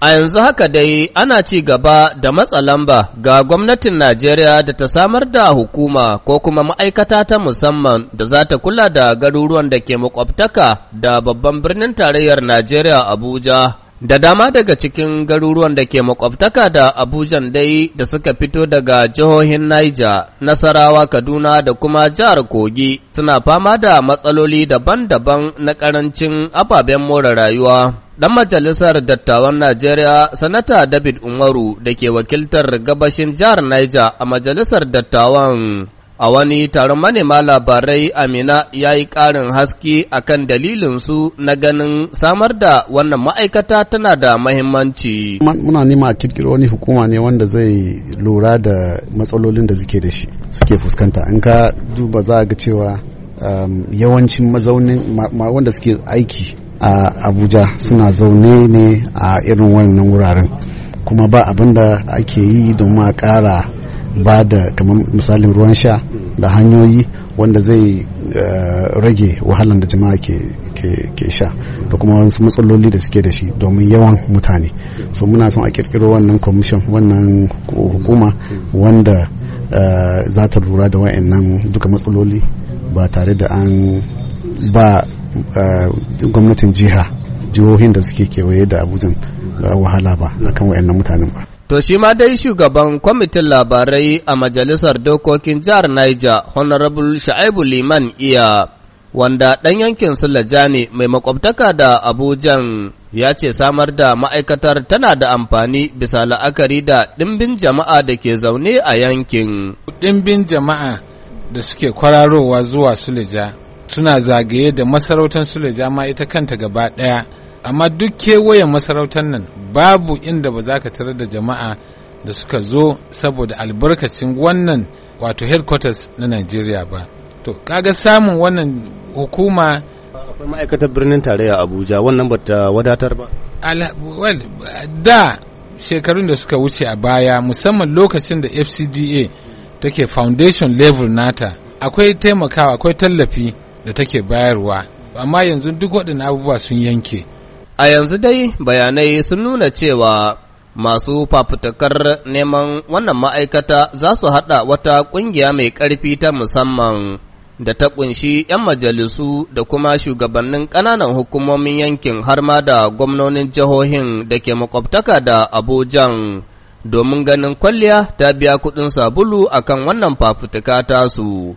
A yanzu haka dai ana ci gaba da matsa lamba ga gwamnatin Najeriya da ta samar da hukuma ko kuma ma'aikata ta musamman da za ta kula da garuruwan da ke makwabtaka da babban birnin tarayyar Najeriya Abuja. Da dama daga cikin garuruwan da ke makwabtaka da Abujan dai da suka fito daga jihohin Niger, Nasarawa, Kaduna da kuma jihar Kogi suna fama da matsaloli daban-daban na ƙarancin ababen more rayuwa. Ɗan majalisar dattawan Najeriya, Sanata David Umaru da ke wakiltar gabashin jihar Niger a majalisar dattawan a wani taron manema labarai Amina ya yi ƙarin haske a kan dalilinsu na ganin samar da wannan ma'aikata tana da mahimmanci. Muna nima kirkiro wani hukuma ne wanda zai lura da matsalolin da suke da shi suke fuskanta. In ka duba za ga cewa um, yawancin mazaunin wanda suke aiki a abuja suna zaune ne a irin wannan wuraren kuma ba abin da ake yi domin a ƙara ba da kamar misalin ruwan sha da hanyoyi wanda zai eh, rage wahalan da jama'a ke sha da kuma wasu matsaloli da suke da shi domin yawan mutane so muna son a kirkiro wannan commission wannan hukuma wanda eh, za ta lura da wa'annan duka matsaloli ba tare da an ba eh, gwamnatin jiha jihohin da suke kewaye da abuja wahala ba akan wayannan mutanen ba To shi ma dai shugaban kwamitin labarai a majalisar dokokin jihar Niger, Honorable Sha'ibu Liman Iya, wanda ɗan yankin Sulajani mai makwabtaka da Abujan ya ce samar da ma'aikatar tana da amfani bisa la'akari da ɗimbin jama'a da ke zaune a yankin. Ɗimbin jama'a da suke kwararowa zuwa Suleja suna zagaye da masarautar suleja ma ita kanta gaba ɗaya amma duk kewayen masarautar nan babu inda ba za ka tarar da jama'a da suka zo saboda albarkacin wannan wato headquarters na Nigeria ba. To, kaga samun wannan hukuma akwai ma'aikatar birnin tarayya Abuja wannan ba ta wadatar ba? Da shekarun da suka wuce a baya musamman lokacin da FCDA take foundation level nata akwai taimakawa akwai tallafi da take bayarwa amma yanzu duk waɗannan abubuwa sun yanke a yanzu dai bayanai sun nuna cewa masu fafutukar neman wannan ma'aikata za su haɗa wata ƙungiya mai ƙarfi ta musamman da ta ƙunshi 'yan majalisu da kuma shugabannin ƙananan hukumomin yankin har ma da gwamnonin jihohin da ke makwabtaka da Abujan domin ganin kwalliya ta biya kuɗin sabulu akan wannan fafutuka tasu.